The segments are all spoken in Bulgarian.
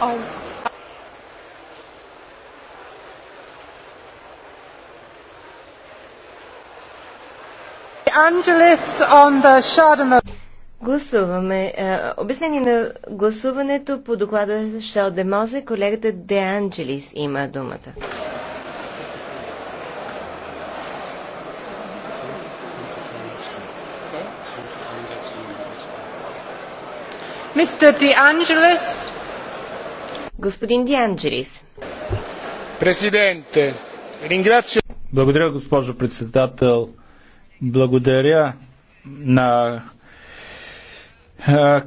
Um, Angelis on the Chardonnay. Гласуваме. Е, обяснение на гласуването по доклада Шал де Мозе, колегата Де Анджелис има думата. Мистер Де Анджелис. Господин Дианджерис. Президенте, ringrazio... Благодаря, госпожо председател. Благодаря на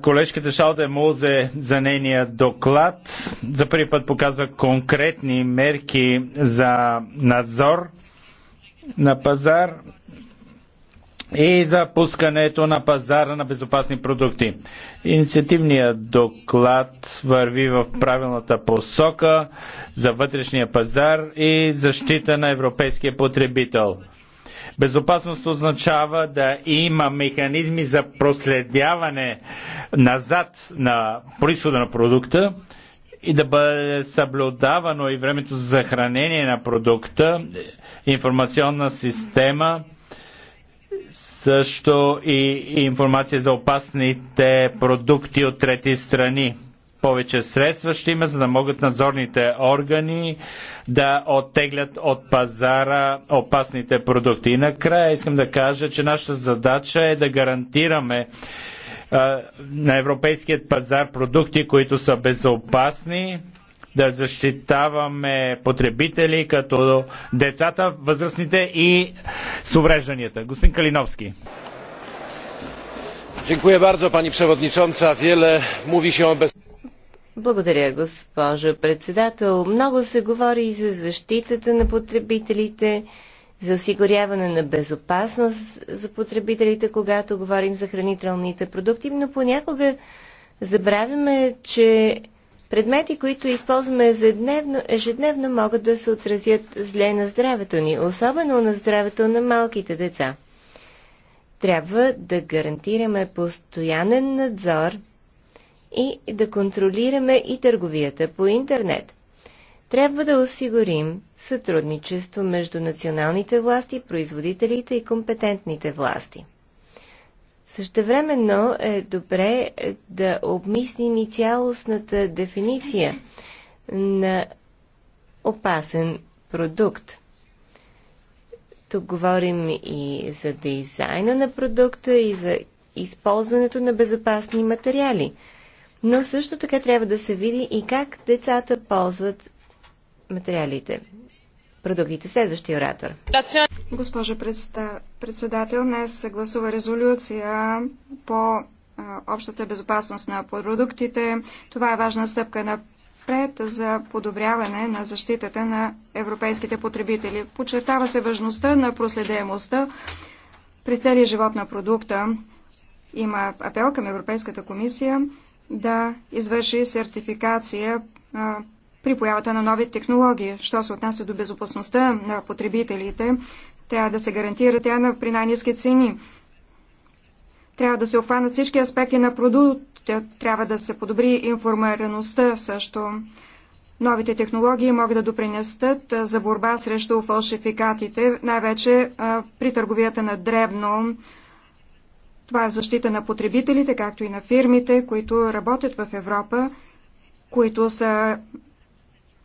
колежката Шалде Мозе за нейния доклад. За първи път показва конкретни мерки за надзор на пазар и за пускането на пазара на безопасни продукти. Инициативният доклад върви в правилната посока за вътрешния пазар и защита на европейския потребител. Безопасност означава да има механизми за проследяване назад на происхода на продукта и да бъде съблюдавано и времето за съхранение на продукта, информационна система – също и информация за опасните продукти от трети страни. Повече средства ще има, за да могат надзорните органи да оттеглят от пазара опасните продукти. И накрая искам да кажа, че нашата задача е да гарантираме а, на европейският пазар продукти, които са безопасни, да защитаваме потребители, като децата, възрастните и с уврежданията. Господин Калиновски. Благодаря, госпожо председател. Много се говори и за защитата на потребителите, за осигуряване на безопасност за потребителите, когато говорим за хранителните продукти, но понякога забравяме, че Предмети, които използваме ежедневно, ежедневно могат да се отразят зле на здравето ни, особено на здравето на малките деца. Трябва да гарантираме постоянен надзор и да контролираме и търговията по интернет. Трябва да осигурим сътрудничество между националните власти, производителите и компетентните власти. Същевременно е добре е, да обмислим и цялостната дефиниция на опасен продукт. Тук говорим и за дизайна на продукта, и за използването на безопасни материали. Но също така трябва да се види и как децата ползват материалите. Продължите Следващия оратор. Госпожа председател, днес гласува резолюция по общата безопасност на продуктите. Това е важна стъпка на напред за подобряване на защитата на европейските потребители. Подчертава се важността на проследемостта при целия живот на продукта. Има апел към Европейската комисия да извърши сертификация при появата на нови технологии. Що се отнася до безопасността на потребителите, трябва да се гарантира тя на при най-низки цени. Трябва да се обхванат всички аспекти на продукта, трябва да се подобри информираността също. Новите технологии могат да допринесат за борба срещу фалшификатите, най-вече при търговията на дребно. Това е защита на потребителите, както и на фирмите, които работят в Европа, които са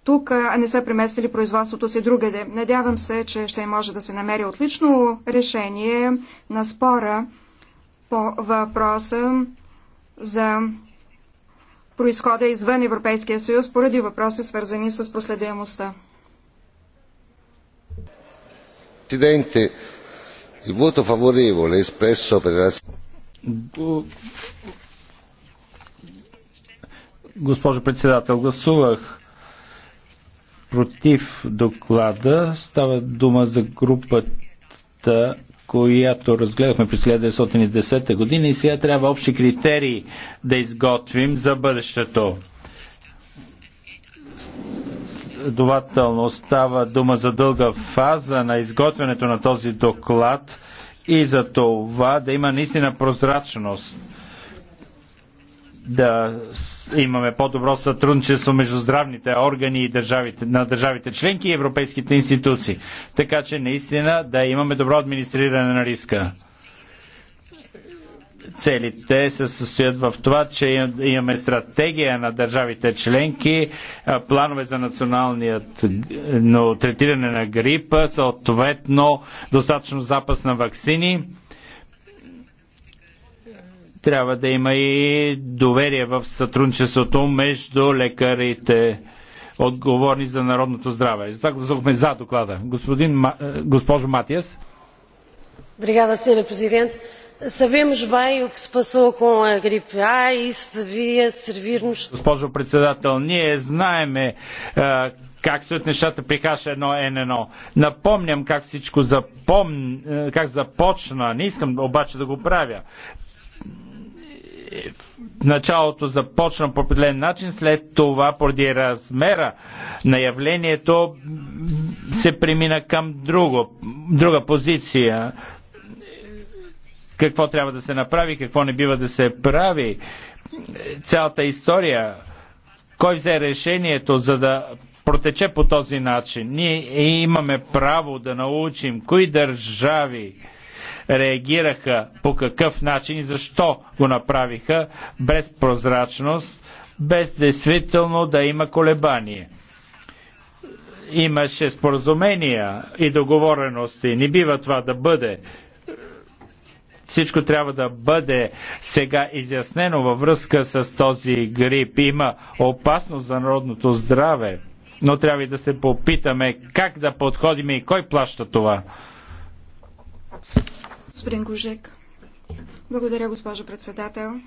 тук, а не са преместили производството си другаде. Надявам се, че ще може да се намери отлично решение на спора по въпроса за произхода извън Европейския съюз поради въпроси свързани с проследяемостта. Президенте, il voto favorevole espresso per la... Госпожо председател, гласувах против доклада. Става дума за групата, която разгледахме през 1910 година и сега трябва общи критерии да изготвим за бъдещето. Следователно става дума за дълга фаза на изготвянето на този доклад и за това да има наистина прозрачност да имаме по-добро сътрудничество между здравните органи и държавите, на държавите членки и европейските институции. Така че наистина да имаме добро администриране на риска. Целите се състоят в това, че имаме стратегия на държавите членки, планове за националният но, третиране на грипа, съответно достатъчно запас на вакцини трябва да има и доверие в сътрудничеството между лекарите, отговорни за народното здраве. За това гласувахме за доклада. Господин, е, госпожо Матиас. Obrigada, Sra. президент. Sabemos bem o que se passou com a gripe A e devia servir-nos. Госпожо председател, ние знаеме а, е, как стоят нещата при каша 1 Н1. Напомням как всичко запомн... Е, как започна. Не искам обаче да го правя в началото започна по определен начин, след това поради размера на явлението се премина към друго, друга позиция. Какво трябва да се направи, какво не бива да се прави. Цялата история. Кой взе решението за да протече по този начин? Ние имаме право да научим кои държави реагираха по какъв начин и защо го направиха без прозрачност, без действително да има колебание. Имаше споразумения и договорености. Не бива това да бъде. Всичко трябва да бъде сега изяснено във връзка с този грип. Има опасност за народното здраве но трябва и да се попитаме как да подходим и кой плаща това. Господин Кожик. Благодаря, госпожо председател.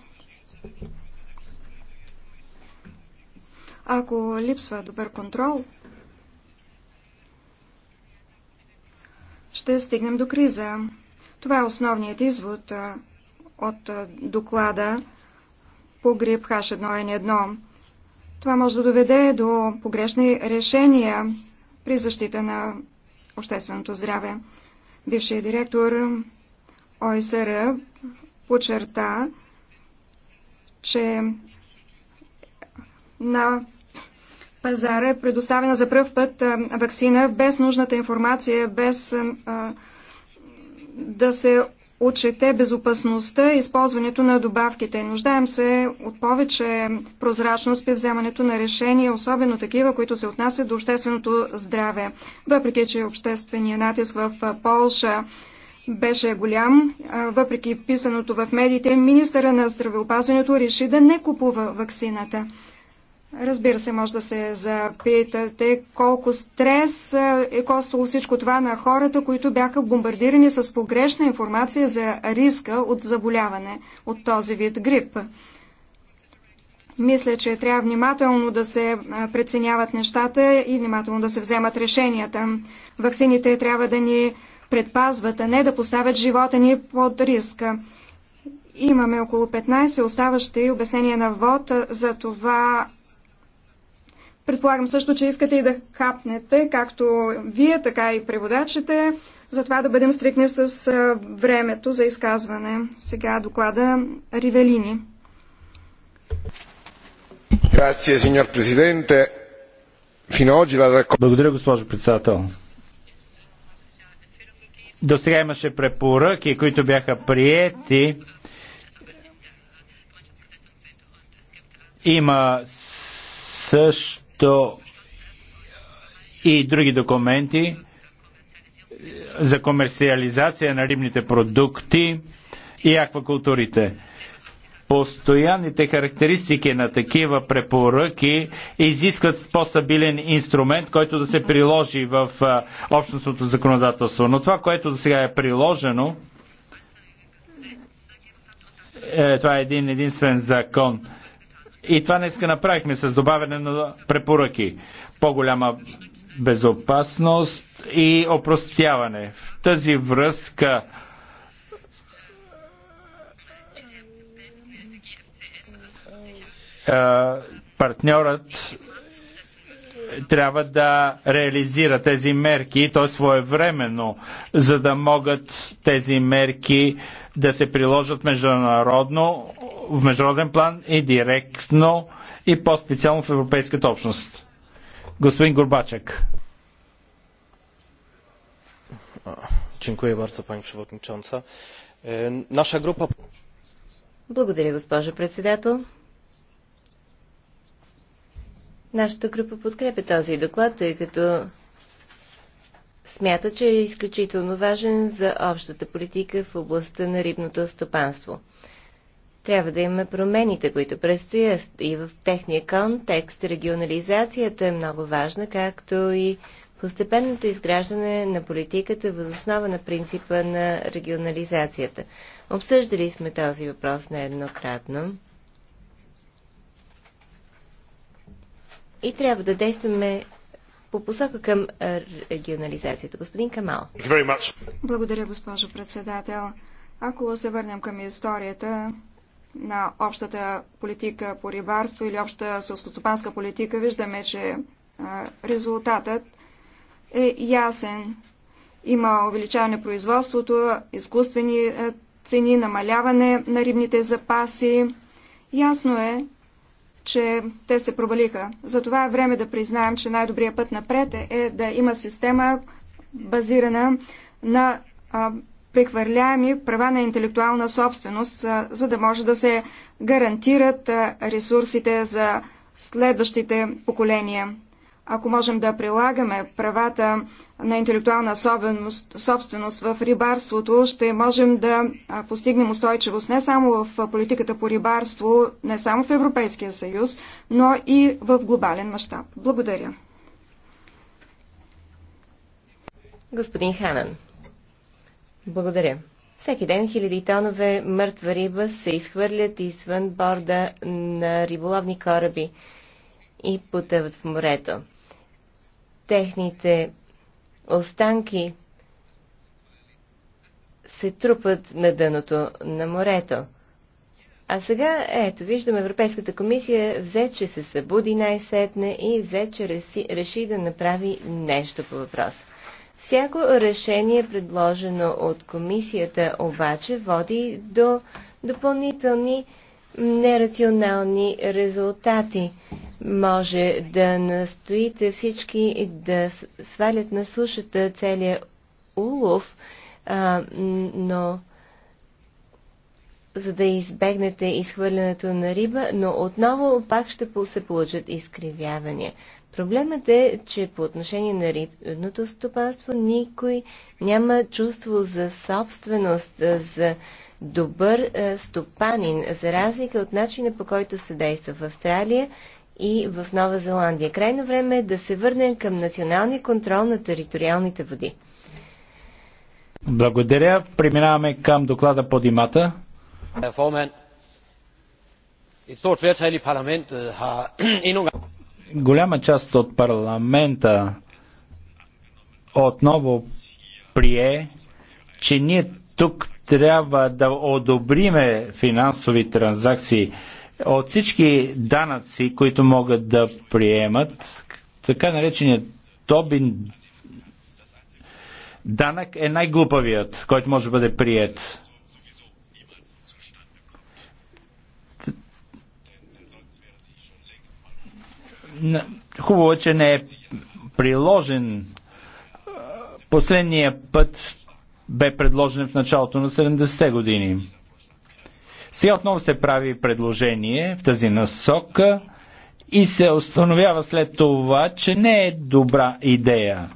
Ако липсва добър контрол, ще стигнем до криза. Това е основният извод от доклада по грип H1N1. Това може да доведе до погрешни решения при защита на общественото здраве. Бившият директор ОСР е почерта, че на пазара е предоставена за пръв път вакцина без нужната информация, без да се Отчете безопасността и използването на добавките. Нуждаем се от повече прозрачност при вземането на решения, особено такива, които се отнасят до общественото здраве. Въпреки, че общественият натиск в Полша беше голям, въпреки писаното в медиите, министъра на здравеопазването реши да не купува ваксината. Разбира се, може да се запитате колко стрес е коствало всичко това на хората, които бяха бомбардирани с погрешна информация за риска от заболяване от този вид грип. Мисля, че трябва внимателно да се преценяват нещата и внимателно да се вземат решенията. Ваксините трябва да ни предпазват, а не да поставят живота ни под риска. Имаме около 15 оставащи обяснения на ВОД за това Предполагам също, че искате и да хапнете, както вие, така и преводачите. Затова да бъдем стрикни с времето за изказване. Сега доклада Ривелини. Благодаря, госпожо председател. До сега имаше препоръки, които бяха приети. Има също то и други документи за комерциализация на рибните продукти и аквакултурите. Постоянните характеристики на такива препоръки изискват по-стабилен инструмент, който да се приложи в общностното законодателство. Но това, което до сега е приложено, е, това е един единствен закон – и това днеска направихме с добавяне на препоръки. По-голяма безопасност и опростяване. В тази връзка партньорът трябва да реализира тези мерки т.е. своевременно, за да могат тези мерки да се приложат международно в международен план и директно и по-специално в Европейската общност. Господин Горбачек. Наша група... E, Благодаря, госпожо председател. Нашата група подкрепя този доклад, тъй като смята, че е изключително важен за общата политика в областта на рибното стопанство. Трябва да има промените, които предстоят и в техния контекст. Регионализацията е много важна, както и постепенното изграждане на политиката въз основа на принципа на регионализацията. Обсъждали сме този въпрос нееднократно. И трябва да действаме по посока към регионализацията. Господин Камал. Благодаря, госпожо председател. Ако се върнем към историята, на общата политика по рибарство или обща сълскостопанска политика, виждаме, че резултатът е ясен. Има увеличаване на производството, изкуствени цени, намаляване на рибните запаси. Ясно е, че те се провалиха. Затова е време да признаем, че най-добрият път напред е, е да има система базирана на прехвърляеми права на интелектуална собственост, за да може да се гарантират ресурсите за следващите поколения. Ако можем да прилагаме правата на интелектуална собственост в рибарството, ще можем да постигнем устойчивост не само в политиката по рибарство, не само в Европейския съюз, но и в глобален мащаб. Благодаря. Господин Ханан. Благодаря. Всеки ден хиляди тонове мъртва риба се изхвърлят извън борда на риболовни кораби и потъват в морето. Техните останки се трупат на дъното на морето. А сега, ето, виждам, Европейската комисия взе, че се събуди най-сетне и взе, че реши, реши да направи нещо по въпроса. Всяко решение, предложено от комисията, обаче води до допълнителни нерационални резултати. Може да настоите всички да свалят на сушата целия улов, а, но за да избегнете изхвърлянето на риба, но отново пак ще се получат изкривявания. Проблемът е, че по отношение на рибното стопанство никой няма чувство за собственост, за добър стопанин, за разлика от начина по който се действа в Австралия и в Нова Зеландия. Крайно време е да се върнем към националния контрол на териториалните води. Благодаря. Преминаваме към доклада по димата. Herr голяма част от парламента отново прие, че ние тук трябва да одобриме финансови транзакции от всички данъци, които могат да приемат, така нареченият Тобин данък е най-глупавият, който може да бъде прият. Хубаво, е, че не е приложен. Последния път бе предложен в началото на 70-те години. Сега отново се прави предложение в тази насока и се установява след това, че не е добра идея.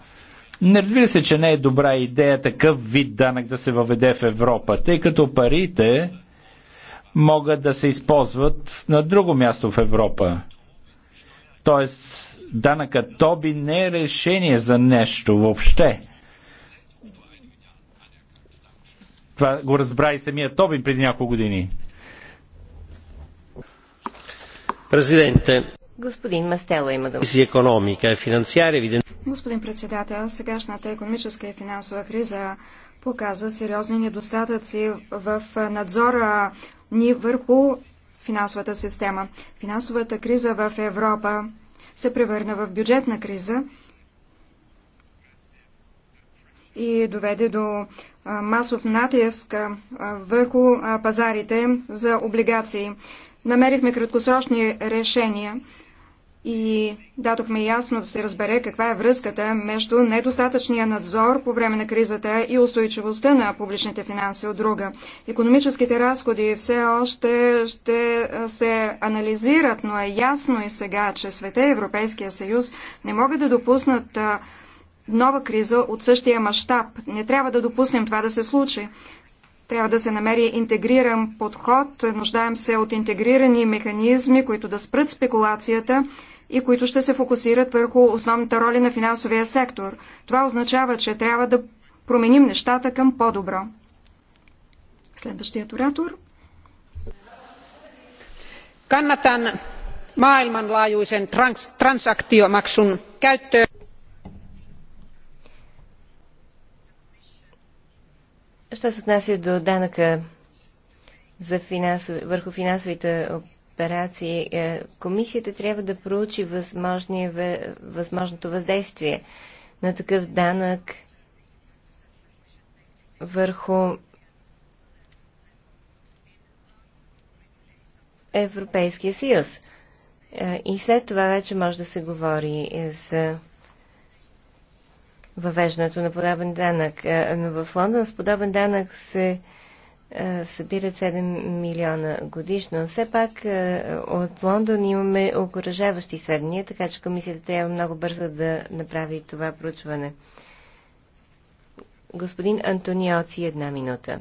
Не разбира се, че не е добра идея такъв вид данък да се въведе в Европа, тъй като парите могат да се използват на друго място в Европа. Тоест, данъка Тоби не е решение за нещо въобще. Това го разбра и самия Тоби преди няколко години. Президенте. Господин Мастело има Си економика и финансиари, виден... Господин председател, сегашната економическа и финансова криза показа сериозни недостатъци в надзора ни върху финансовата система. Финансовата криза в Европа се превърна в бюджетна криза и доведе до масов натиск върху пазарите за облигации. Намерихме краткосрочни решения и дадохме ясно да се разбере каква е връзката между недостатъчния надзор по време на кризата и устойчивостта на публичните финанси от друга. Економическите разходи все още ще се анализират, но е ясно и сега, че света и Европейския съюз не могат да допуснат нова криза от същия мащаб. Не трябва да допуснем това да се случи. Трябва да се намери интегриран подход. Нуждаем се от интегрирани механизми, които да спрат спекулацията и които ще се фокусират върху основната роли на финансовия сектор. Това означава, че трябва да променим нещата към по-добро. Следващият оратор. Kannatan maailmanlaajuisen transaktiomaksun käyttöön. Що се отнася до данъка за финансови, върху финансовите операции. Е, комисията трябва да проучи възможното въздействие на такъв данък върху Европейския съюз. Е, и след това вече може да се говори е, за въвеждането на подобен данък. Но в Лондон с подобен данък се е, събират 7 милиона годишно. Все пак е, от Лондон имаме окоръжаващи сведения, така че комисията трябва много бързо да направи това проучване. Господин Антониоци, една минута.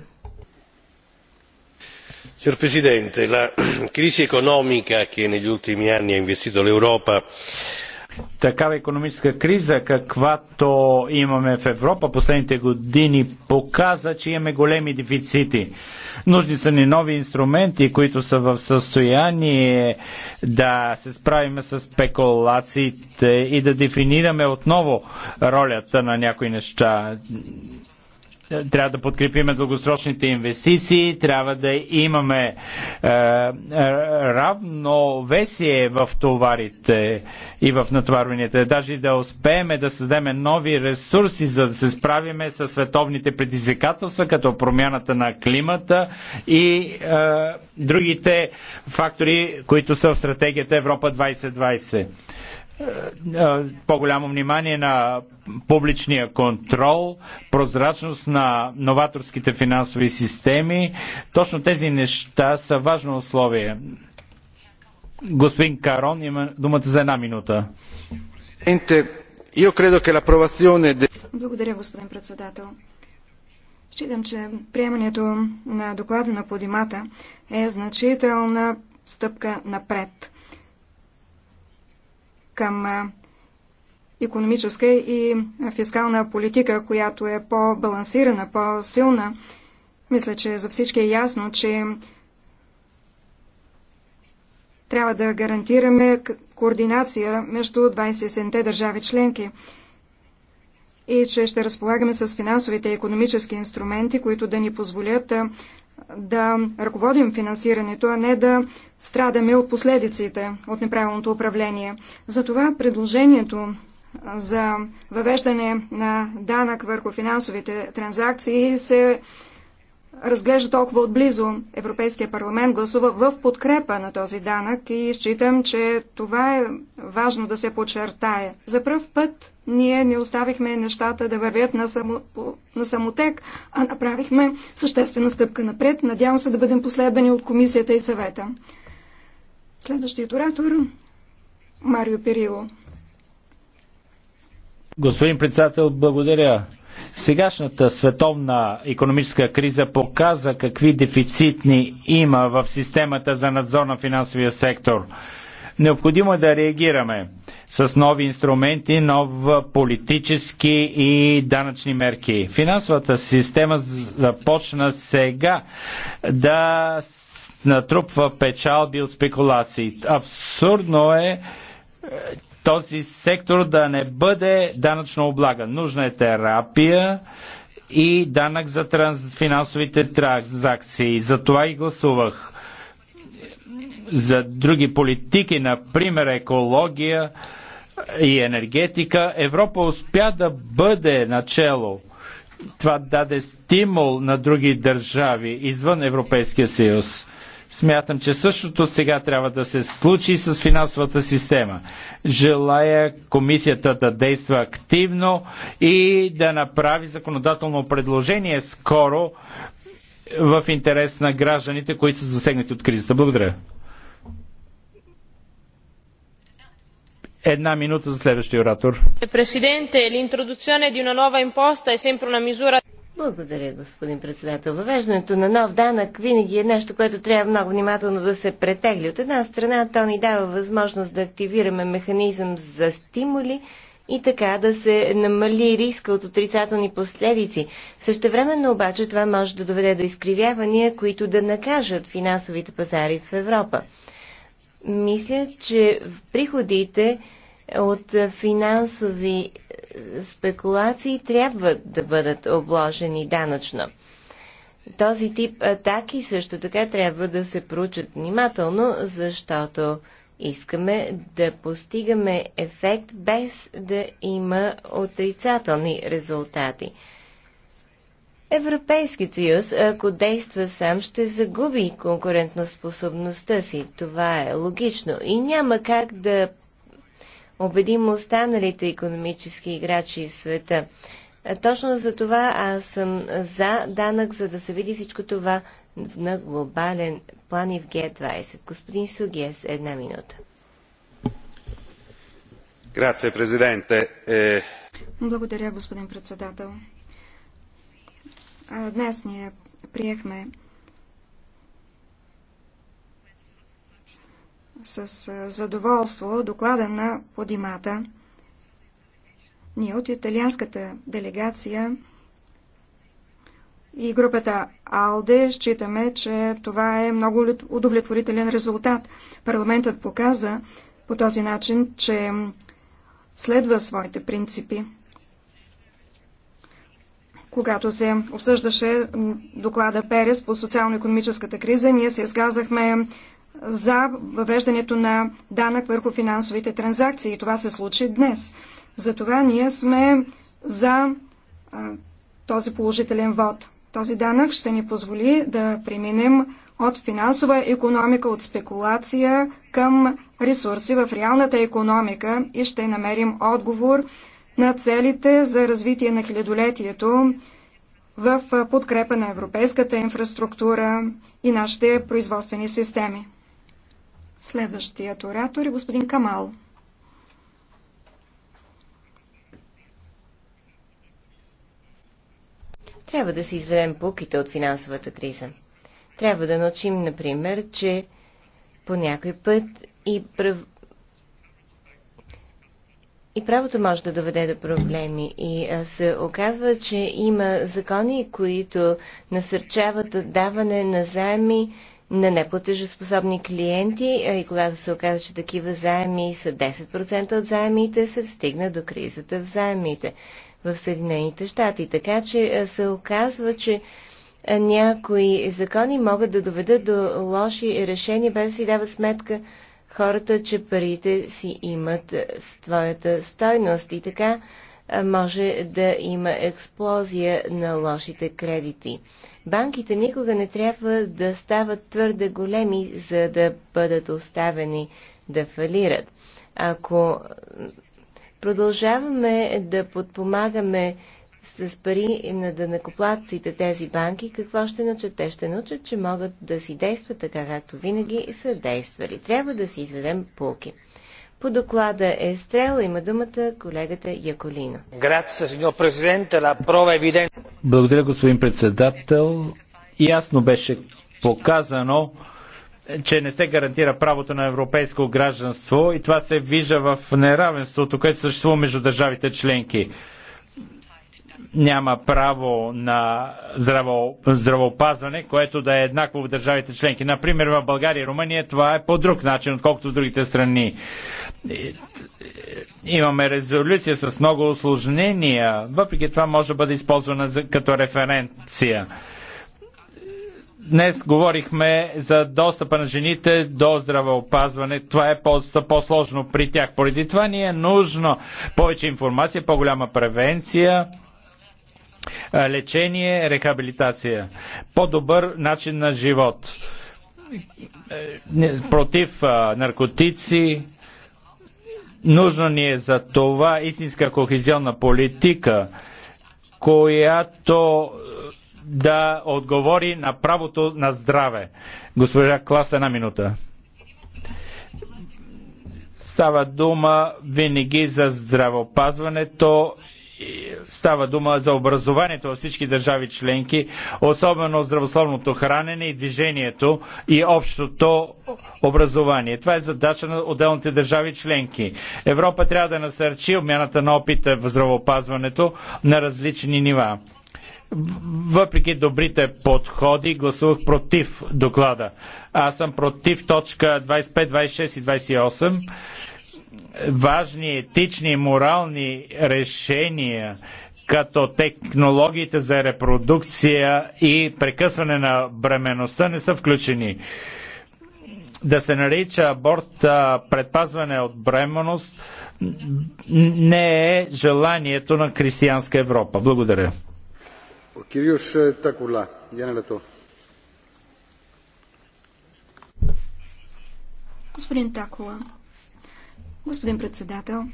Signor Presidente, la crisi economica che negli ultimi anni ha investito l'Europa такава економическа криза, каквато имаме в Европа последните години, показа, че имаме големи дефицити. Нужни са ни нови инструменти, които са в състояние да се справим с спекулациите и да дефинираме отново ролята на някои неща трябва да подкрепим дългосрочните инвестиции, трябва да имаме е, е равновесие в товарите и в натоварванията. Даже да успеем да създадем нови ресурси, за да се справиме с световните предизвикателства, като промяната на климата и е, другите фактори, които са в стратегията Европа 2020. Е, е, по-голямо внимание на публичния контрол, прозрачност на новаторските финансови системи. Точно тези неща са важно условие. Господин Карон има думата за една минута. Благодаря, господин председател. Считам, че приемането на доклада на подимата е значителна стъпка напред – към економическа и фискална политика, която е по-балансирана, по-силна. Мисля, че за всички е ясно, че трябва да гарантираме координация между 27-те държави членки и че ще разполагаме с финансовите и економически инструменти, които да ни позволят да ръководим финансирането, а не да страдаме от последиците от неправилното управление. Затова предложението за въвеждане на данък върху финансовите транзакции се разглежда толкова отблизо. Европейския парламент гласува в подкрепа на този данък и считам, че това е важно да се подчертае. За пръв път ние не оставихме нещата да вървят на, само, на самотек, а направихме съществена стъпка напред. Надявам се да бъдем последвани от комисията и съвета. Следващият оратор Марио Перило. Господин председател, благодаря. Сегашната световна економическа криза показа какви дефицитни има в системата за надзор на финансовия сектор. Необходимо е да реагираме с нови инструменти, нов политически и данъчни мерки. Финансовата система започна сега да натрупва печалби от спекулации. Абсурдно е, този сектор да не бъде данъчно облаган. Нужна е терапия и данък за транс, финансовите транзакции. За това и гласувах. За други политики, например екология и енергетика, Европа успя да бъде начало. Това даде стимул на други държави извън Европейския съюз. Смятам, че същото сега трябва да се случи с финансовата система. Желая комисията да действа активно и да направи законодателно предложение скоро в интерес на гражданите, които са засегнати от кризата. Благодаря. Една минута за следващия оратор. Президенте, l'introduzione di una nuova imposta è sempre una misura благодаря, господин председател. Въвеждането на нов данък винаги е нещо, което трябва много внимателно да се претегли. От една страна, то ни дава възможност да активираме механизъм за стимули и така да се намали риска от отрицателни последици. Същевременно обаче това може да доведе до изкривявания, които да накажат финансовите пазари в Европа. Мисля, че в приходите от финансови е, спекулации трябва да бъдат обложени данъчно. Този тип атаки също така трябва да се проучат внимателно, защото искаме да постигаме ефект без да има отрицателни резултати. Европейският съюз, ако действа сам, ще загуби конкурентоспособността си. Това е логично и няма как да убедим останалите економически играчи в света. Точно за това аз съм за данък, за да се види всичко това на глобален план и в Г20. Господин Сугиес, една минута. Грация, президенте. Е... Благодаря, господин председател. Днес ние приехме с задоволство доклада на Подимата. Ние от италианската делегация и групата АЛДЕ считаме, че това е много удовлетворителен резултат. Парламентът показа по този начин, че следва своите принципи. Когато се обсъждаше доклада Перес по социално-економическата криза, ние се изказахме за въвеждането на данък върху финансовите транзакции. И това се случи днес. Затова ние сме за този положителен вод. Този данък ще ни позволи да преминем от финансова економика, от спекулация към ресурси в реалната економика и ще намерим отговор на целите за развитие на хилядолетието в подкрепа на европейската инфраструктура и нашите производствени системи. Следващият оратор е господин Камал. Трябва да си изведем пуките от финансовата криза. Трябва да научим, например, че по някой път и, прав... и правото може да доведе до проблеми. И се оказва, че има закони, които насърчават отдаване на заеми на неплатежоспособни клиенти и когато се оказа, че такива заеми са 10% от заемите, се стигна до кризата в заемите в Съединените щати. Така че се оказва, че някои закони могат да доведат до лоши решения, без да си дават сметка хората, че парите си имат своята стойност и така може да има експлозия на лошите кредити. Банките никога не трябва да стават твърде големи, за да бъдат оставени да фалират. Ако продължаваме да подпомагаме с пари на дънакоплатците тези банки, какво ще научат? Те ще научат, че могат да си действат така, както винаги са действали. Трябва да си изведем полки. По доклада Е стрел има думата колегата Яколина. Благодаря, господин председател. Ясно беше показано, че не се гарантира правото на европейско гражданство и това се вижда в неравенството, което съществува между държавите членки няма право на здраво, здравоопазване, което да е еднакво в държавите членки. Например, в България и Румъния това е по друг начин, отколкото в другите страни. Имаме резолюция с много осложнения, въпреки това може да бъде използвана като референция. Днес говорихме за достъпа на жените до здравеопазване. Това е по-сложно при тях. Поради това ни е нужно повече информация, по-голяма превенция лечение, рехабилитация, по-добър начин на живот, е, против наркотици. Нужно ни е за това истинска кохезионна политика, която да отговори на правото на здраве. Госпожа Клас, една минута. Става дума винаги за здравопазването Става дума за образованието във всички държави членки, особено здравословното хранене и движението и общото образование. Това е задача на отделните държави членки. Европа трябва да насърчи обмяната на опита в здравоопазването на различни нива. Въпреки добрите подходи, гласувах против доклада. Аз съм против точка 25, 26 и 28 важни етични и морални решения, като технологиите за репродукция и прекъсване на бременността не са включени. Да се нарича аборт предпазване от бременност не е желанието на християнска Европа. Благодаря. Господин Такула, Господин председател,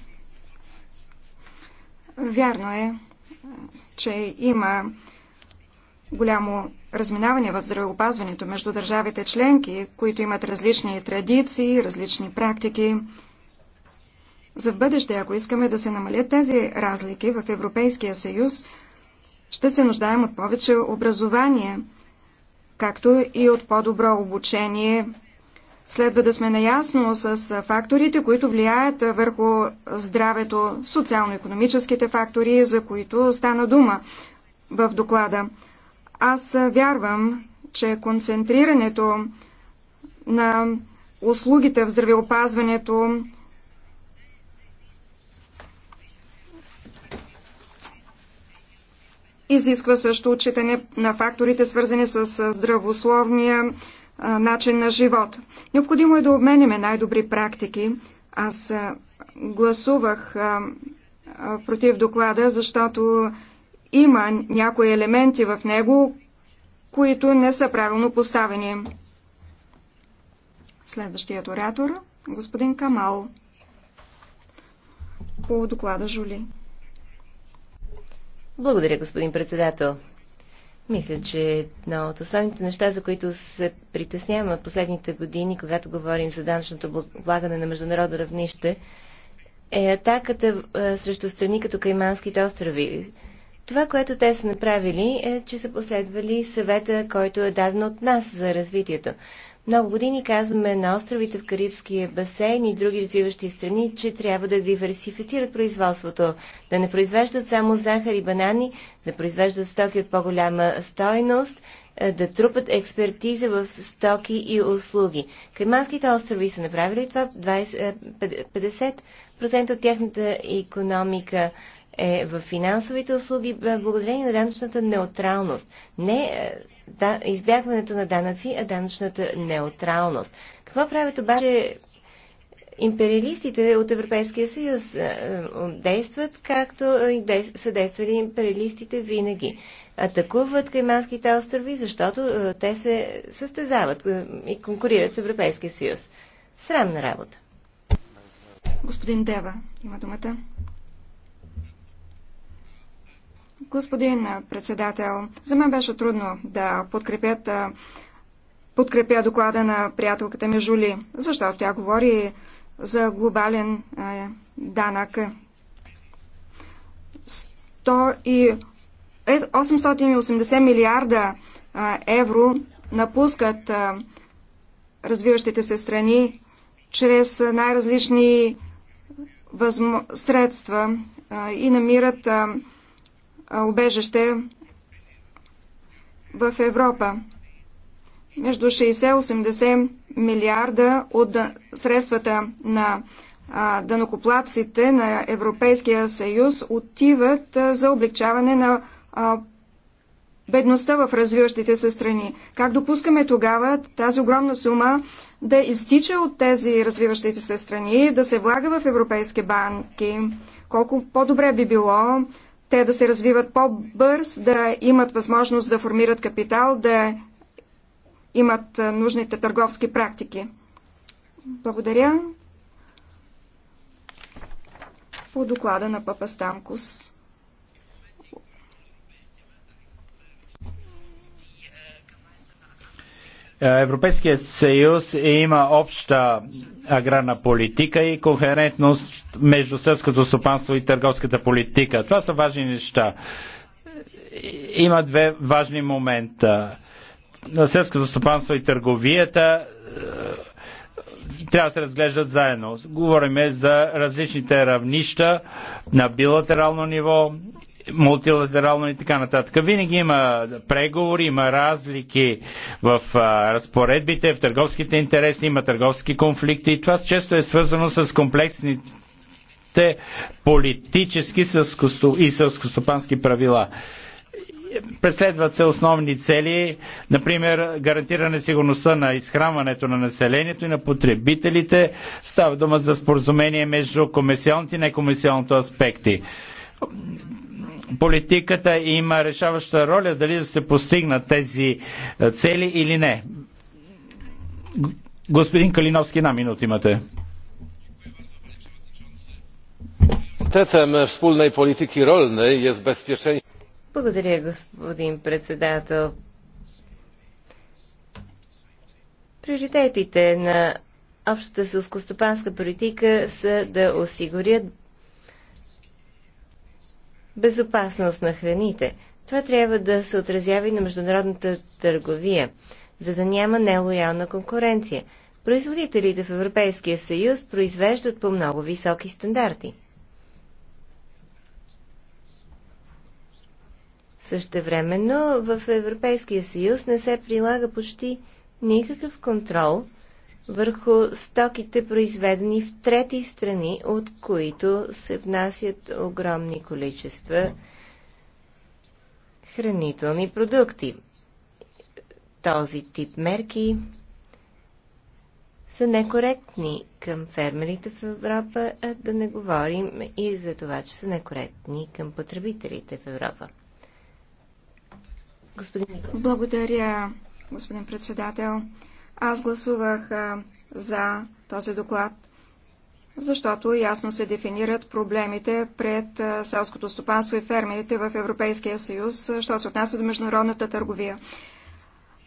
вярно е, че има голямо разминаване в здравеопазването между държавите членки, които имат различни традиции, различни практики. За в бъдеще, ако искаме да се намалят тези разлики в Европейския съюз, ще се нуждаем от повече образование, както и от по-добро обучение Следва да сме наясно с факторите, които влияят върху здравето, социално-економическите фактори, за които стана дума в доклада. Аз вярвам, че концентрирането на услугите в здравеопазването изисква също отчитане на факторите, свързани с здравословния начин на живот. Необходимо е да обменяме най-добри практики. Аз гласувах против доклада, защото има някои елементи в него, които не са правилно поставени. Следващият оратор, господин Камал, по доклада Жули. Благодаря, господин председател. Мисля, че едно от основните неща, за които се притесняваме от последните години, когато говорим за данъчното облагане на международно равнище, е атаката срещу страни като Кайманските острови. Това, което те са направили, е, че са последвали съвета, който е даден от нас за развитието. Много години казваме на островите в Карибския басейн и други развиващи страни, че трябва да диверсифицират производството, да не произвеждат само захар и банани, да произвеждат стоки от по-голяма стойност, е, да трупат експертиза в стоки и услуги. Кайманските острови са направили това. 20, 50% е, от тяхната економика е в финансовите услуги е, благодарение на данъчната неутралност. Не да, избягването на данъци, а данъчната неутралност. Какво правят обаче империалистите от Европейския съюз? Е, е, действат както са действали империалистите винаги. Атакуват Кайманските острови, защото е, те се състезават и конкурират с Европейския съюз. Срамна работа. Господин Дева има думата. Господин председател, за мен беше трудно да подкрепят, подкрепя доклада на приятелката ми Жули, защото тя говори за глобален данък. 880 е, милиарда евро напускат развиващите се страни чрез най-различни възм... средства и намират убежище в Европа. Между 60-80 милиарда от средствата на данокоплаците на Европейския съюз отиват за облегчаване на бедността в развиващите се страни. Как допускаме тогава тази огромна сума да изтича от тези развиващите се страни, да се влага в европейски банки? Колко по-добре би било те да се развиват по-бърз, да имат възможност да формират капитал, да имат нужните търговски практики. Благодаря. По доклада на Папа Станкус. Европейският съюз има обща аграрна политика и кохерентност между сърското стопанство и търговската политика. Това са важни неща. Има две важни момента. Сърското стопанство и търговията е, трябва да се разглеждат заедно. Говориме за различните равнища на билатерално ниво мултилатерално и така нататък. Винаги има преговори, има разлики в а, разпоредбите, в търговските интереси, има търговски конфликти и това често е свързано с комплексни политически и сълскостопански правила преследват се основни цели, например гарантиране сигурността на изхранването на населението и на потребителите. Става дума за споразумение между комисионните и некомисионните аспекти политиката има решаваща роля дали да се постигнат тези е, цели или не. Господин Калиновски, на минута имате. Благодаря, господин председател. Приоритетите на общата селскостопанска политика са да осигурят безопасност на храните. Това трябва да се отразява и на международната търговия, за да няма нелоялна конкуренция. Производителите в Европейския съюз произвеждат по много високи стандарти. Същевременно в Европейския съюз не се прилага почти никакъв контрол – върху стоките, произведени в трети страни, от които се внасят огромни количества хранителни продукти. Този тип мерки са некоректни към фермерите в Европа, а да не говорим и за това, че са некоректни към потребителите в Европа. Господин Благодаря, господин председател. Аз гласувах а, за този доклад, защото ясно се дефинират проблемите пред а, селското стопанство и фермерите в Европейския съюз, що се отнася до международната търговия.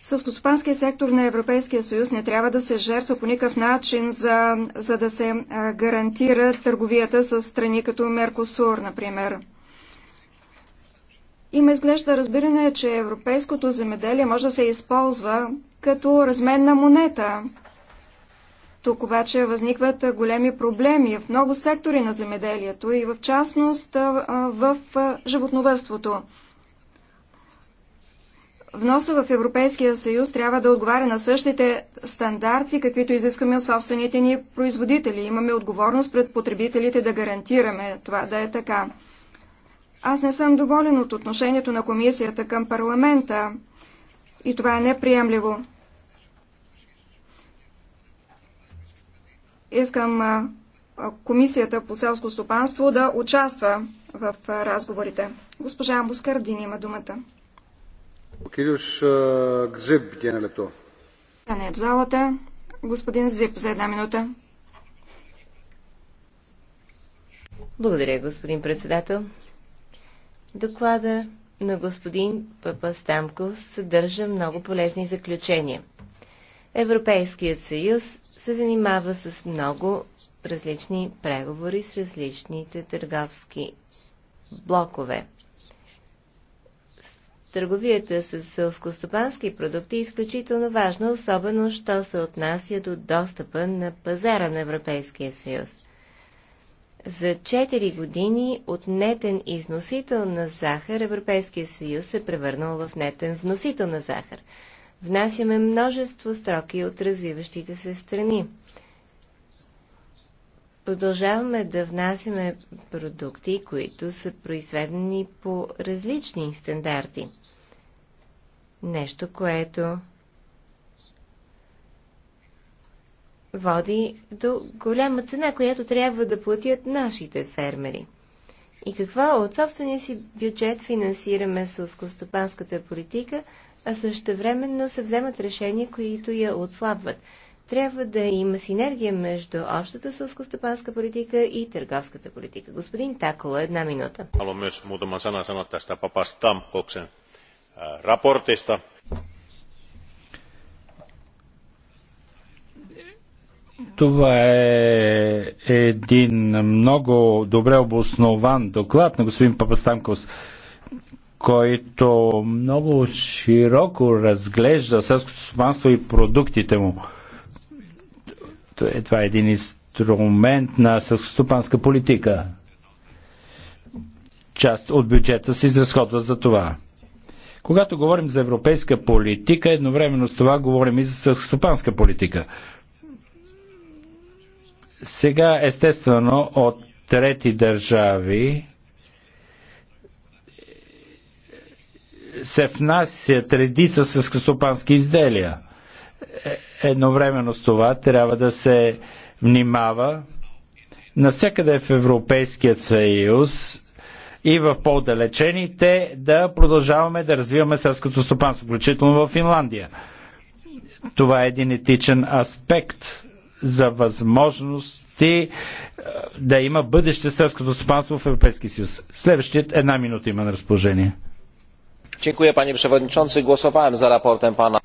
Сълскостопанския сектор на Европейския съюз не трябва да се жертва по никакъв начин, за, за да се гарантира търговията с страни като Меркосур, например. Има изглежда разбиране, че европейското земеделие може да се използва като разменна монета. Тук обаче възникват големи проблеми в много сектори на земеделието и в частност в животновътството. Вноса в Европейския съюз трябва да отговаря на същите стандарти, каквито изискаме от собствените ни производители. Имаме отговорност пред потребителите да гарантираме това да е така. Аз не съм доволен от отношението на комисията към парламента и това е неприемливо. Искам комисията по селско стопанство да участва в разговорите. Госпожа Мускардини има думата. Кирюш Гзиб, е лето. Тя не е в залата. Господин Зип, за една минута. Благодаря, господин председател. Доклада на господин Папа Стамков съдържа много полезни заключения. Европейският съюз се занимава с много различни преговори с различните търговски блокове. Търговията с селскостопански продукти е изключително важна, особено що се отнася до достъпа на пазара на Европейския съюз. За 4 години от нетен износител на захар Европейския съюз се превърнал в нетен вносител на захар. Внасяме множество строки от развиващите се страни. Продължаваме да внасяме продукти, които са произведени по различни стандарти. Нещо, което води до голяма цена, която трябва да платят нашите фермери. И какво от собствения си бюджет финансираме сълскостопанската политика, а също времено се вземат решения, които я отслабват. Трябва да има синергия между общата сълскостопанска политика и търговската политика. Господин Такола, една минута. Haluan myös muutaman sanan sanoa tästä Papas raportista. Това е един много добре обоснован доклад на господин Папастанкос, който много широко разглежда селското стопанство и продуктите му. Е, това е един инструмент на селскостопанска политика. Част от бюджета се изразходва за това. Когато говорим за европейска политика, едновременно с това говорим и за селскостопанска политика – сега, естествено, от трети държави се внасят редица с стопански изделия. Е, едновременно с това трябва да се внимава навсякъде в Европейският съюз и в по-далечените да продължаваме да развиваме селското стопанство, включително в Финландия. Това е един етичен аспект за възможности е, да има бъдеще селското стопанство в Европейския съюз. Следващият една минута има на разположение.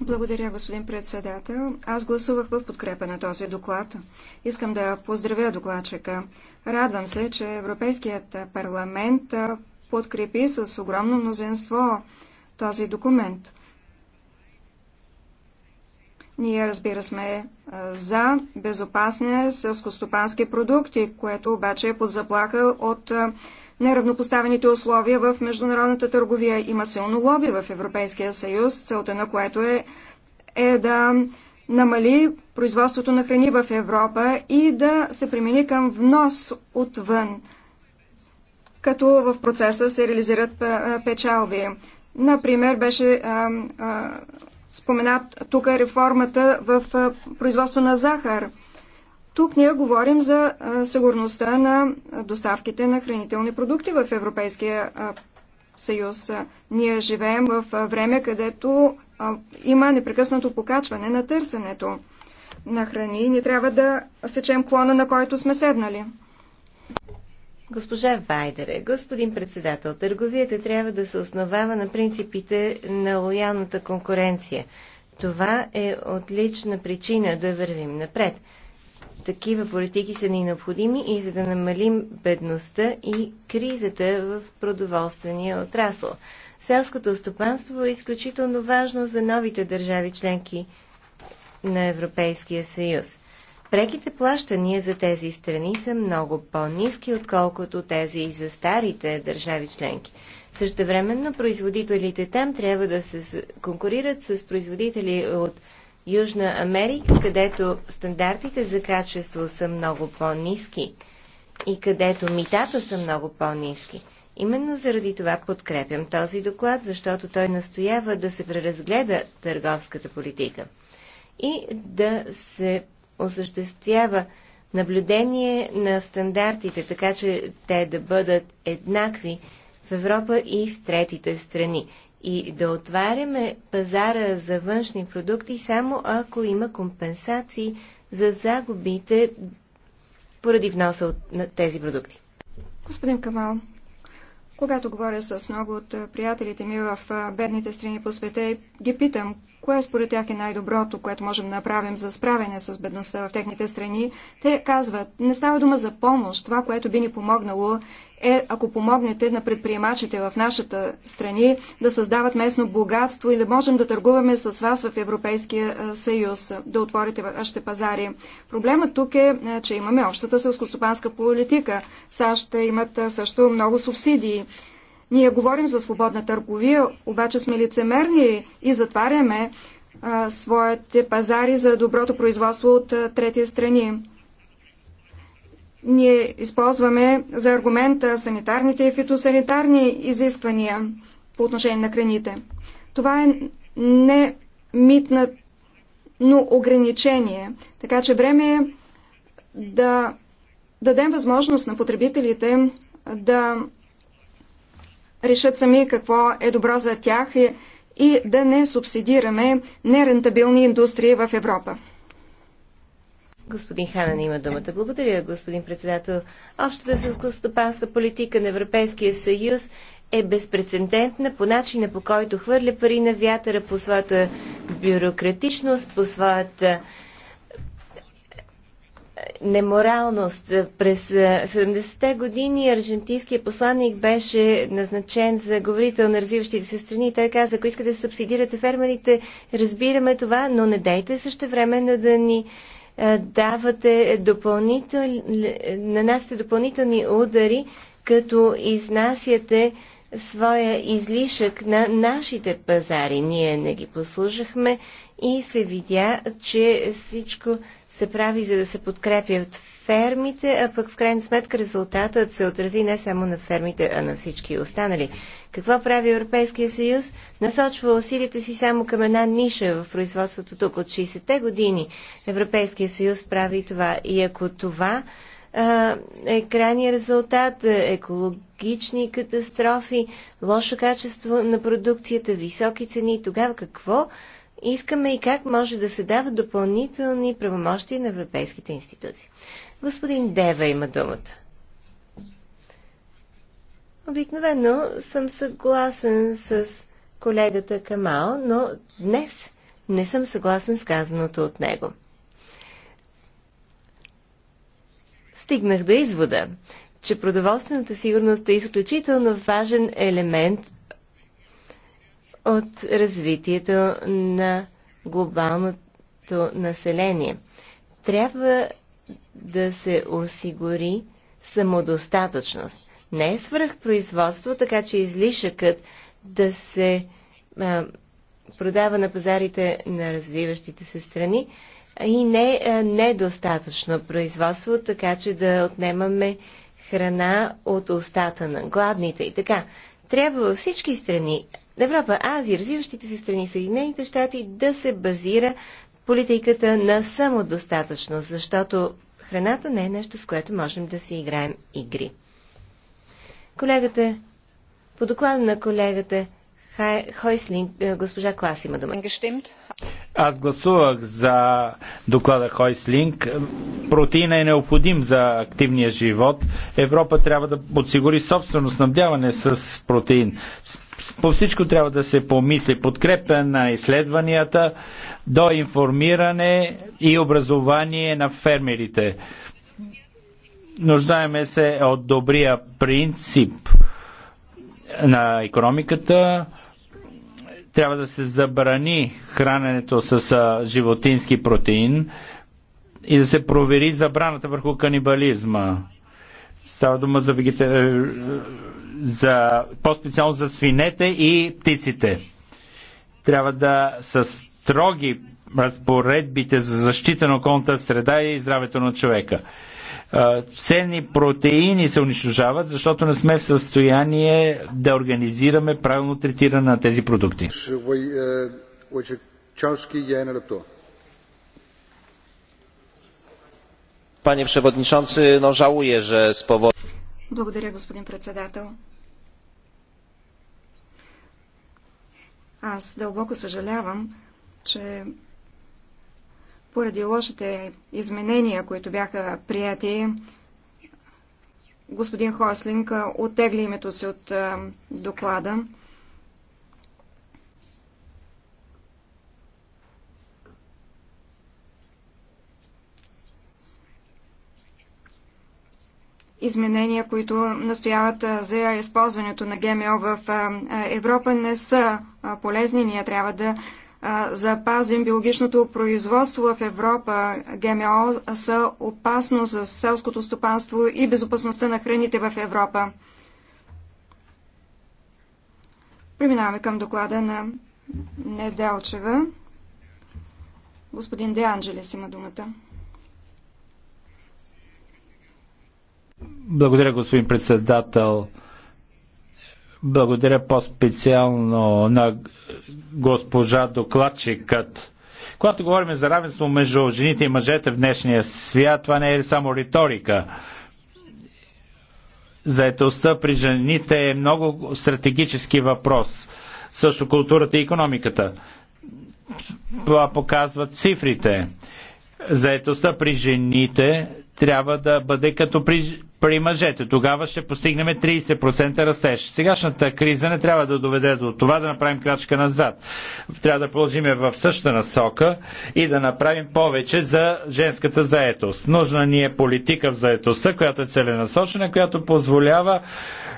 Благодаря, господин председател. Аз гласувах в подкрепа на този доклад. Искам да поздравя докладчика. Радвам се, че Европейският парламент е, подкрепи с огромно мнозинство този документ. Ние, разбира сме, е, за безопасни селскостопански продукти, което обаче е под заплаха от е, неравнопоставените условия в международната търговия. Има силно лоби в Европейския съюз, целта на което е, е да намали производството на храни в Европа и да се премини към внос отвън, като в процеса се реализират е, печалби. Например, беше а, а, спомена тук реформата в производство на захар. Тук ние говорим за сигурността на доставките на хранителни продукти в Европейския съюз. Ние живеем в време, където има непрекъснато покачване на търсенето на храни и ни трябва да сечем клона, на който сме седнали. Госпожа Вайдере, господин председател, търговията трябва да се основава на принципите на лоялната конкуренция. Това е отлична причина да вървим напред. Такива политики са ни необходими и за да намалим бедността и кризата в продоволствения отрасъл. Селското стопанство е изключително важно за новите държави членки на Европейския съюз. Преките плащания за тези страни са много по-низки, отколкото тези и за старите държави членки. Същевременно производителите там трябва да се конкурират с производители от Южна Америка, където стандартите за качество са много по-низки и където митата са много по-низки. Именно заради това подкрепям този доклад, защото той настоява да се преразгледа търговската политика и да се осъществява наблюдение на стандартите, така че те да бъдат еднакви в Европа и в третите страни. И да отваряме пазара за външни продукти само ако има компенсации за загубите поради вноса от, на тези продукти. Господин Камал, когато говоря с много от приятелите ми в бедните страни по света, ги питам кое според тях е най-доброто, което можем да направим за справяне с бедността в техните страни, те казват, не става дума за помощ. Това, което би ни помогнало е, ако помогнете на предприемачите в нашата страни да създават местно богатство и да можем да търгуваме с вас в Европейския съюз, да отворите вашите пазари. Проблемът тук е, че имаме общата селскостопанска политика. САЩ имат също много субсидии. Ние говорим за свободна търговия, обаче сме лицемерни и затваряме а, своите пазари за доброто производство от а, трети страни. Ние използваме за аргумента санитарните и фитосанитарни изисквания по отношение на храните. Това е не митна, но ограничение. Така че време е да дадем възможност на потребителите да решат сами какво е добро за тях и, и да не субсидираме нерентабилни индустрии в Европа. Господин Ханан има думата. Благодаря, господин председател. Общата селскостопанска политика на Европейския съюз е безпредседентна по начина по който хвърля пари на вятъра, по своята бюрократичност, по своята неморалност. През 70-те години аржентинският посланник беше назначен за говорител на развиващите се страни. Той каза, ако искате да субсидирате фермерите, разбираме това, но не дайте също времено да ни давате допълнител... нанасяте допълнителни удари, като изнасяте своя излишък на нашите пазари. Ние не ги послужахме и се видя, че всичко се прави за да се подкрепят фермите, а пък в крайна сметка резултатът се отрази не само на фермите, а на всички останали. Какво прави Европейския съюз? Насочва усилите си само към една ниша в производството тук от 60-те години. Европейския съюз прави това. И ако това е крайният резултат, е екологични катастрофи, лошо качество на продукцията, високи цени, тогава какво искаме и как може да се дават допълнителни правомощи на европейските институции. Господин Дева има думата. Обикновено съм съгласен с колегата Камал, но днес не съм съгласен с казаното от него. Стигнах до извода, че продоволствената сигурност е изключително важен елемент от развитието на глобалното население. Трябва да се осигури самодостатъчност. Не е свръхпроизводство, така че излишъкът да се а, продава на пазарите на развиващите се страни и не недостатъчно производство, така че да отнемаме храна от устата на гладните и така. Трябва във всички страни, Европа, Азия, развиващите се страни, Съединените щати да се базира политиката на самодостатъчно, защото храната не е нещо, с което можем да си играем игри. Колегата, по доклада на колегата Хойслин, е, госпожа Клас има аз гласувах за доклада Хойслинг. Протеина е необходим за активния живот. Европа трябва да подсигури собствено снабдяване с протеин. По всичко трябва да се помисли. Подкрепа на изследванията до информиране и образование на фермерите. Нуждаеме се от добрия принцип на економиката, трябва да се забрани храненето с животински протеин и да се провери забраната върху канибализма. Става дума за, вегета. Е, за по-специално за свинете и птиците. Трябва да са строги разпоредбите за защита на околната среда и здравето на човека ценни протеини се унищожават, защото не сме в състояние да организираме правилно третиране на тези продукти. Пане przewodniczący, но żałuję, че с повод... Благодаря, господин председател. Аз дълбоко съжалявам, че поради лошите изменения, които бяха прияти, господин Хослинг оттегли името си от доклада. изменения, които настояват за използването на ГМО в Европа, не са полезни. Ние трябва да запазим биологичното производство в Европа. ГМО са опасно за селското стопанство и безопасността на храните в Европа. Преминаваме към доклада на Неделчева. Господин Де Анджелес има думата. Благодаря, господин председател. Благодаря по-специално на госпожа докладчикът. Когато говорим за равенство между жените и мъжете в днешния свят, това не е само риторика. Заетостта при жените е много стратегически въпрос. Също културата и економиката. Това показват цифрите. Заетостта при жените трябва да бъде като при при мъжете. Тогава ще постигнем 30% растеж. Сегашната криза не трябва да доведе до това да направим крачка назад. Трябва да положиме в същата насока и да направим повече за женската заетост. Нужна ни е политика в заетостта, която е целенасочена, която позволява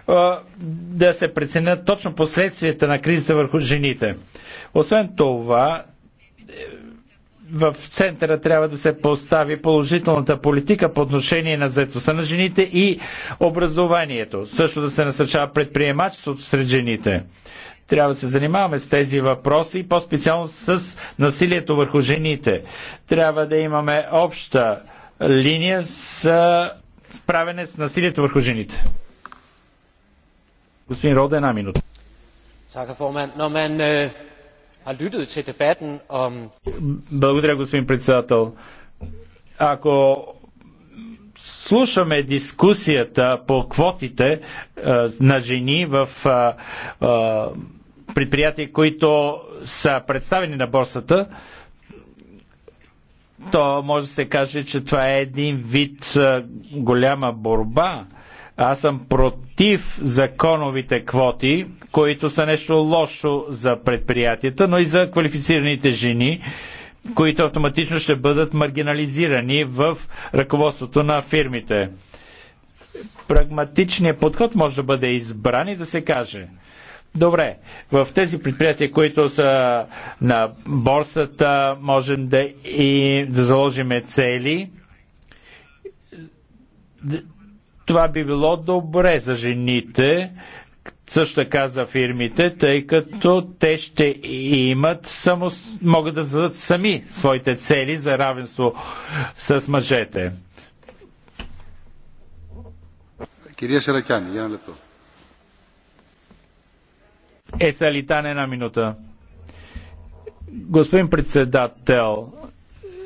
е, да се преценят точно последствията на кризата върху жените. Освен това, в центъра трябва да се постави положителната политика по отношение на заедостта на жените и образованието. Също да се насърчава предприемачеството сред жените. Трябва да се занимаваме с тези въпроси и по-специално с насилието върху жените. Трябва да имаме обща линия с справене с насилието върху жените. Господин Рода, една минута. Така, благодаря, господин председател. Ако слушаме дискусията по квотите е, на жени в е, е, предприятия, които са представени на борсата, то може да се каже, че това е един вид голяма борба аз съм против законовите квоти, които са нещо лошо за предприятията, но и за квалифицираните жени, които автоматично ще бъдат маргинализирани в ръководството на фирмите. Прагматичният подход може да бъде избран и да се каже. Добре, в тези предприятия, които са на борсата, можем да и да заложиме цели това би било добре за жените, също така за фирмите, тъй като те ще имат само, могат да зададат сами своите цели за равенство с мъжете. Κυρία Σερακιάνη, για ένα λεπτό. Есалитан, една минута. Господин председател,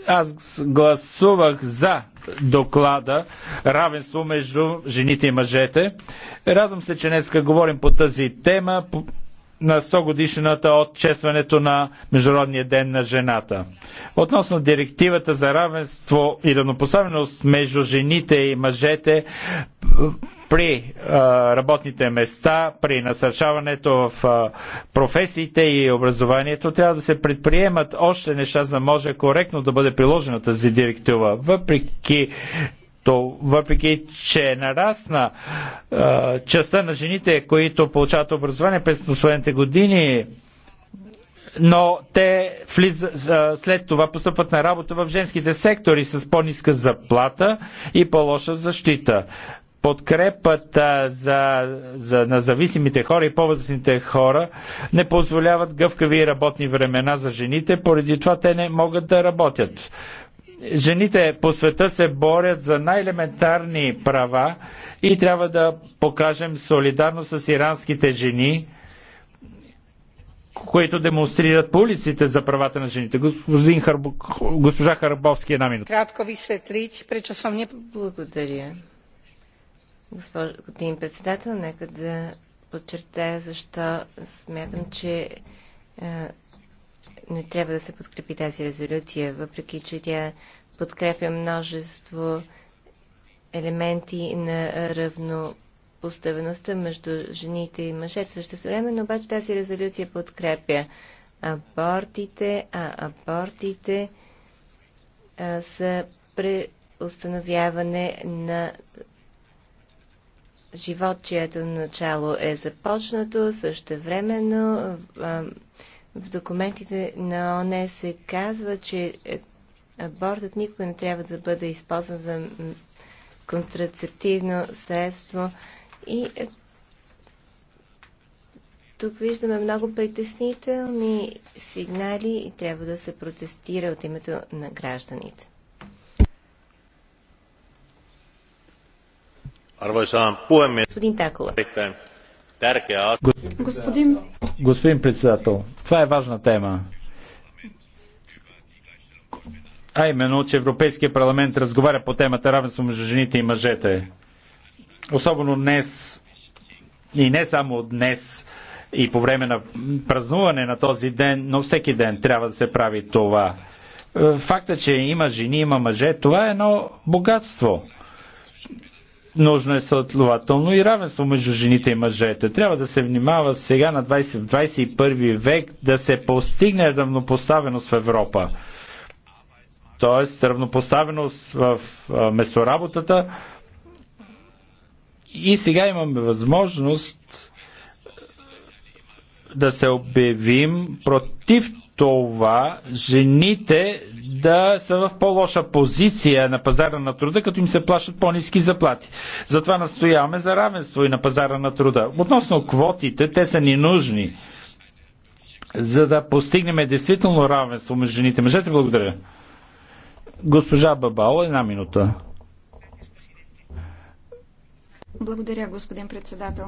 аз гласувах за доклада Равенство между жените и мъжете. Радвам се, че днеска говорим по тази тема на 100 годишната от честването на Международния ден на жената. Относно директивата за равенство и равнопоставеност между жените и мъжете, при работните места, при насърчаването в професиите и образованието, трябва да се предприемат още неща, за да може коректно да бъде приложена тази директива. Въпреки то, въпреки че нарасна частта на жените, които получават образование през последните години, но те влиза, след това постъпват на работа в женските сектори с по-ниска заплата и по-лоша защита подкрепата за, за, на зависимите хора и по-възрастните хора не позволяват гъвкави работни времена за жените, поради това те не могат да работят. Жените по света се борят за най-елементарни права и трябва да покажем солидарност с иранските жени, които демонстрират по улиците за правата на жените. Господин Харбо... Госпожа Харбовски, една минута. Кратко ви светлич, пречо съм не... Благодаря. Господин председател, нека да подчертая защо смятам, че а, е, не трябва да се подкрепи тази резолюция, въпреки че тя подкрепя множество елементи на равнопоставеността между жените и мъжете. Също време, но обаче тази резолюция подкрепя абортите, а абортите а, са преустановяване на живот, чието начало е започнато, също времено в документите на ОНЕ се казва, че е, абортът никога не трябва да бъде използван за контрацептивно средство и е, тук виждаме много притеснителни сигнали и трябва да се протестира от името на гражданите. Arvoisa puhemies, erittäin tärkeä asia. Господин председател, това е важна тема. А именно, че Европейския парламент разговаря по темата равенство между жените и мъжете. Особено днес и не само днес и по време на празнуване на този ден, но всеки ден трябва да се прави това. Е, факта, че има жени, има мъже, това е едно богатство Нужно е съотлователно и равенство между жените и мъжете. Трябва да се внимава сега на 20, 21 век да се постигне равнопоставеност в Европа. Тоест равнопоставеност в местоработата. И сега имаме възможност да се обявим против това жените да са в по-лоша позиция на пазара на труда, като им се плащат по-низки заплати. Затова настояваме за равенство и на пазара на труда. Относно квотите, те са ни нужни, за да постигнем действително равенство между жените мъжете. Благодаря. Госпожа Бабао, една минута. Благодаря, господин председател.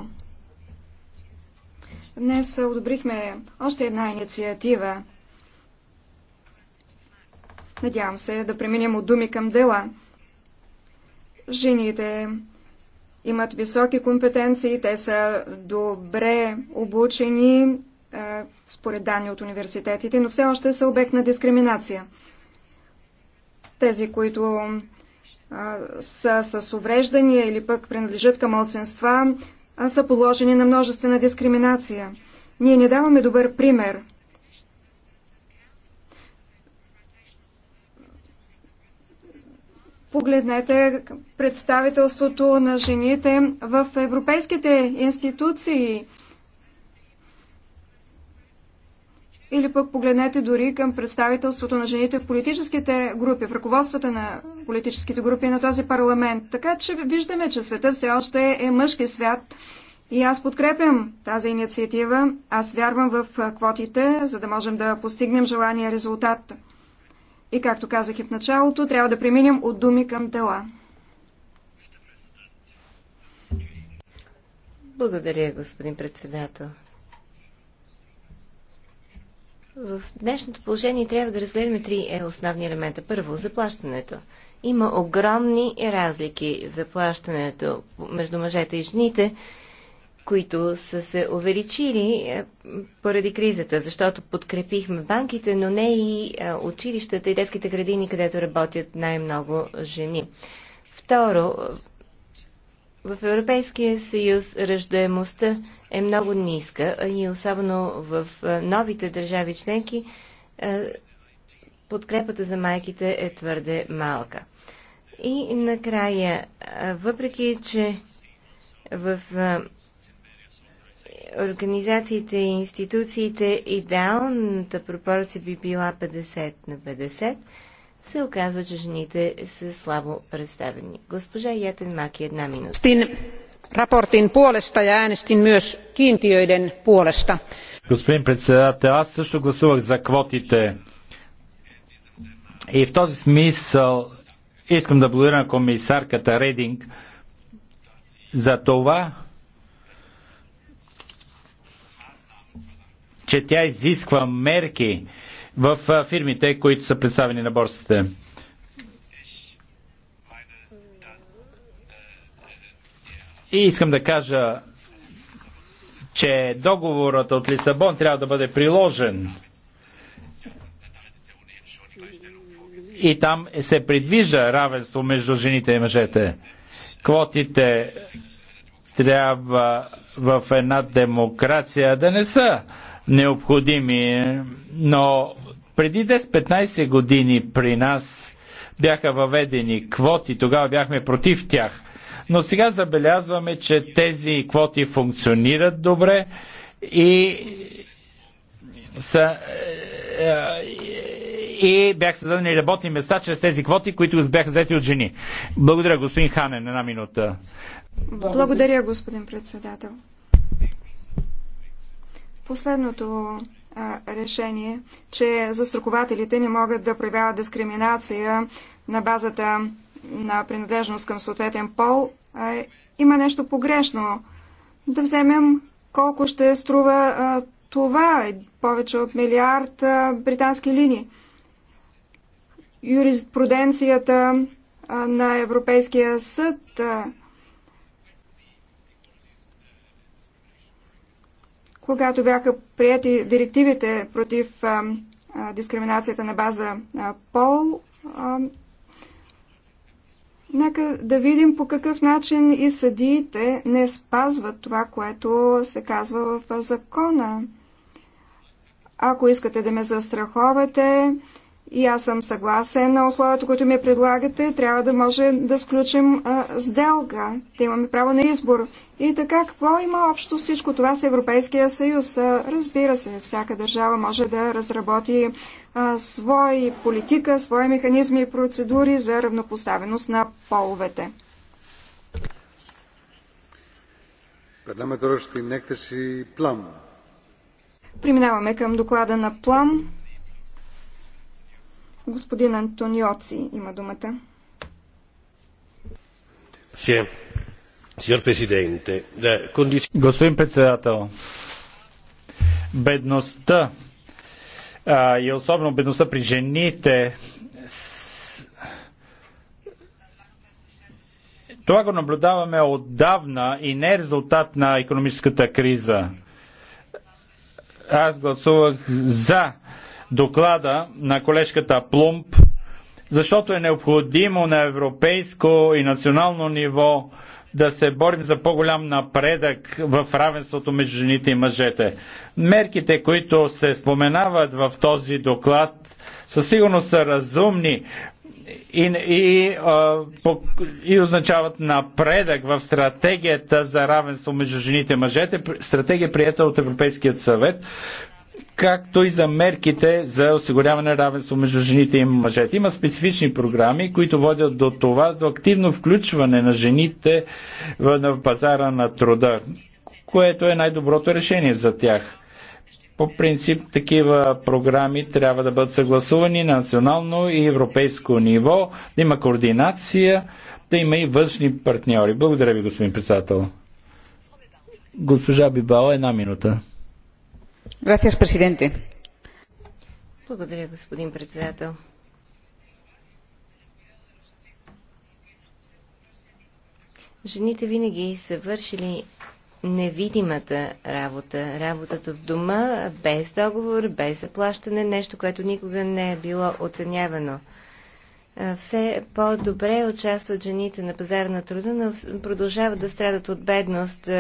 Днес одобрихме още една инициатива Надявам се да преминем от думи към дела. Жените имат високи компетенции, те са добре обучени, е, според данни от университетите, но все още са обект на дискриминация. Тези, които е, са с увреждания или пък принадлежат към младсенства, е, са положени на множествена дискриминация. Ние не даваме добър пример – Погледнете представителството на жените в европейските институции. Или пък погледнете дори към представителството на жените в политическите групи, в ръководствата на политическите групи на този парламент. Така че виждаме, че света все още е мъжки свят. И аз подкрепям тази инициатива. Аз вярвам в квотите, за да можем да постигнем желания резултат. И както казах и в началото, трябва да преминем от думи към дела. Благодаря, господин председател. В днешното положение трябва да разгледаме три е, основни елемента. Първо, заплащането. Има огромни разлики в заплащането между мъжете и жените които са се увеличили е, поради кризата, защото подкрепихме банките, но не и е, училищата и детските градини, където работят най-много жени. Второ, е, в Европейския съюз ръждаемостта е много ниска и особено в новите държави членки подкрепата за майките е твърде малка. И накрая, въпреки че в организациите и институциите, идеалната пропорция би била 50 на 50, се оказва, че жените са слабо представени. Госпожа Ятен Маки, една минута. Рапортин puolesta и аенестин мюш кинтиоиден puolesta. Господин председател, аз също гласувах за квотите. И в този смисъл искам да благодаря на комисарката Рединг за това, че тя изисква мерки в фирмите, които са представени на борсите. И искам да кажа, че договорът от Лисабон трябва да бъде приложен. И там се предвижда равенство между жените и мъжете. Квотите трябва в една демокрация да не са необходими, но преди 10-15 години при нас бяха въведени квоти, тогава бяхме против тях. Но сега забелязваме, че тези квоти функционират добре и са, е, е, и бяха създадени работни места чрез тези квоти, които бяха взети от жени. Благодаря, господин Ханен. Една минута. Благодаря, господин председател. Последното а, решение, че застрахователите не могат да проявяват дискриминация на базата на принадлежност към съответен пол, а, има нещо погрешно. Да вземем колко ще струва а, това, повече от милиард а, британски линии. Юриспруденцията а, на Европейския съд а, Когато бяха прияти директивите против а, а, дискриминацията на база а, пол, а, нека да видим по какъв начин и съдиите не спазват това, което се казва в закона. Ако искате да ме застраховате, и аз съм съгласен на условията, които ми предлагате. Трябва да може да сключим а, сделка, да имаме право на избор. И така, какво има общо всичко това с Европейския съюз? А, разбира се, всяка държава може да разработи а, свои политика, свои механизми и процедури за равнопоставеност на половете. Преминаваме към доклада на план. Господин Антониоци има думата. Господин председател, бедността а, и особено бедността при жените с... това го наблюдаваме отдавна и не е резултат на економическата криза. Аз гласувах за доклада на колежката Плумп, защото е необходимо на европейско и национално ниво да се борим за по-голям напредък в равенството между жените и мъжете. Мерките, които се споменават в този доклад, със сигурност са разумни и, и, и означават напредък в стратегията за равенство между жените и мъжете, стратегия прията от Европейският съвет, както и за мерките за осигуряване на равенство между жените и мъжете. Има специфични програми, които водят до това, до активно включване на жените в пазара на труда, което е най-доброто решение за тях. По принцип, такива програми трябва да бъдат съгласувани на национално и европейско ниво, да има координация, да има и външни партньори. Благодаря ви, господин председател. Госпожа Бибала, една минута. Благодаря, господин председател. Жените винаги са вършили невидимата работа, работата в дома, без договор, без заплащане, нещо, което никога не е било оценявано. Все по-добре участват жените на пазара на труда, но продължават да страдат от бедност,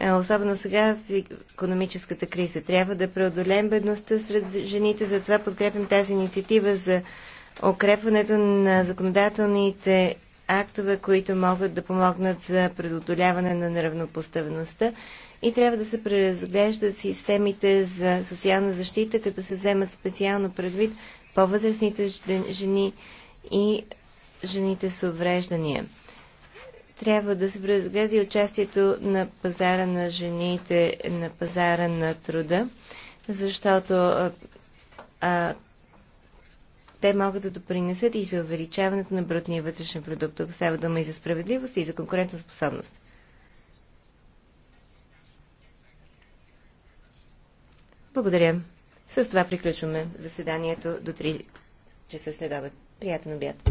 е, особено сега в економическата криза. Трябва да преодолеем бедността сред жените, затова подкрепим тази инициатива за укрепването на законодателните актове, които могат да помогнат за предотоляване на неравнопоставеността и трябва да се преразглеждат системите за социална защита, като се вземат специално предвид по-възрастните жени и жените с увреждания трябва да се преразгледа и участието на пазара на жените, на пазара на труда, защото а, а, те могат да допринесат и за увеличаването на брутния вътрешен продукт. ако става дума и за справедливост, и за конкурентна способност. Благодаря. С това приключваме заседанието до 3 часа след Приятен обяд.